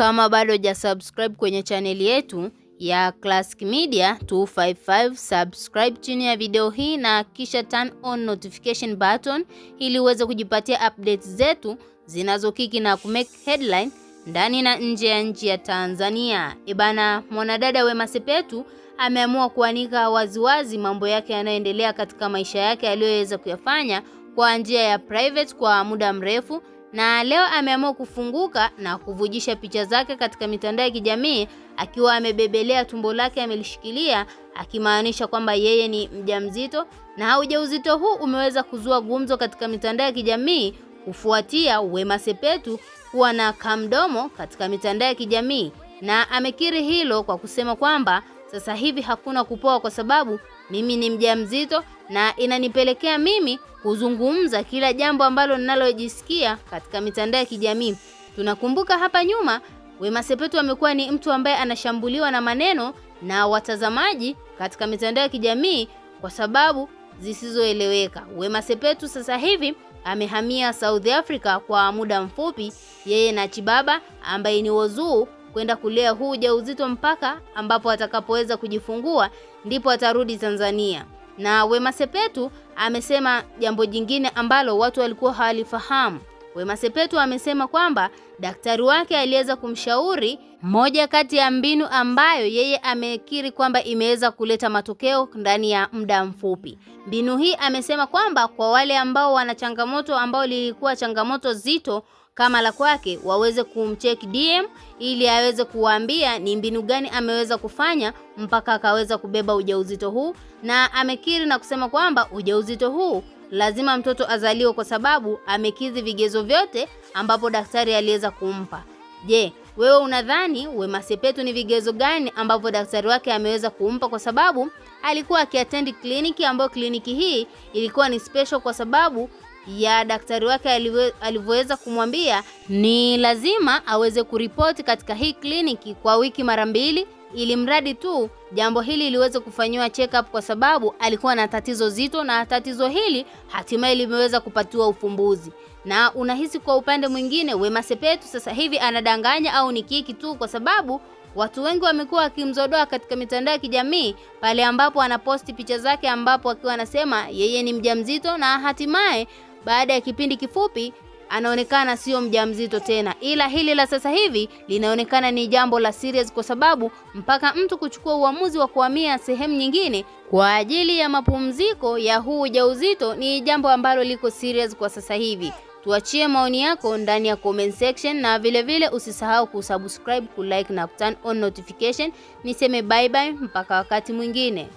Kama bado ja subscribe kwenye chaneli yetu ya Classic Media 255, subscribe chini ya video hii na kisha turn on notification button ili uweze kujipatia updates zetu zinazokiki na kumake headline ndani na nje ya nchi ya Tanzania. Ebana, mwanadada Wema Sepetu ameamua kuanika waziwazi mambo yake yanayoendelea katika maisha yake aliyoweza kuyafanya kwa njia ya private kwa muda mrefu na leo ameamua kufunguka na kuvujisha picha zake katika mitandao ya kijamii akiwa amebebelea tumbo lake amelishikilia, akimaanisha kwamba yeye ni mjamzito, na ujauzito huu umeweza kuzua gumzo katika mitandao ya kijamii kufuatia Wema Sepetu kuwa na kamdomo katika mitandao ya kijamii, na amekiri hilo kwa kusema kwamba sasa hivi hakuna kupoa kwa sababu mimi ni mjamzito na inanipelekea mimi kuzungumza kila jambo ambalo ninalojisikia katika mitandao ya kijamii. Tunakumbuka hapa nyuma Wema Sepetu amekuwa ni mtu ambaye anashambuliwa na maneno na watazamaji katika mitandao ya kijamii kwa sababu zisizoeleweka. Wema Sepetu sasa hivi amehamia South Africa kwa muda mfupi, yeye na Chibaba ambaye ni wozuu kwenda kulea huu ujauzito mpaka ambapo atakapoweza kujifungua ndipo atarudi Tanzania. Na Wema Sepetu amesema jambo jingine ambalo watu walikuwa hawalifahamu. Wema Sepetu amesema kwamba daktari wake aliweza kumshauri moja kati ya mbinu ambayo yeye amekiri kwamba imeweza kuleta matokeo ndani ya muda mfupi. Mbinu hii amesema kwamba kwa wale ambao wana changamoto ambao lilikuwa changamoto zito kama la kwake waweze kumcheck DM ili aweze kuwaambia ni mbinu gani ameweza kufanya mpaka akaweza kubeba ujauzito huu, na amekiri na kusema kwamba ujauzito huu lazima mtoto azaliwe kwa sababu amekidhi vigezo vyote ambapo daktari aliweza kumpa. Je, wewe unadhani Wema Sepetu ni vigezo gani ambavyo daktari wake ameweza kumpa? Kwa sababu alikuwa akiatendi kliniki ambayo kliniki hii ilikuwa ni special kwa sababu ya daktari wake alivyoweza kumwambia ni lazima aweze kuripoti katika hii kliniki kwa wiki mara mbili ili mradi tu jambo hili liweze kufanyiwa check up kwa sababu alikuwa na tatizo zito, na tatizo hili hatimaye limeweza kupatiwa ufumbuzi. Na unahisi kwa upande mwingine, Wema Sepetu sasa hivi anadanganya au ni kiki tu? Kwa sababu watu wengi wamekuwa wakimzodoa katika mitandao ya kijamii pale ambapo anaposti picha zake, ambapo akiwa anasema yeye ni mjamzito na hatimaye baada ya kipindi kifupi anaonekana sio mjamzito tena, ila hili la sasa hivi linaonekana ni jambo la serious, kwa sababu mpaka mtu kuchukua uamuzi wa kuhamia sehemu nyingine kwa ajili ya mapumziko ya huu ujauzito ni jambo ambalo liko serious kwa sasa hivi. Tuachie maoni yako ndani ya comment section, na vilevile vile usisahau kusubscribe, kulike na turn on notification. Niseme bye bye mpaka wakati mwingine.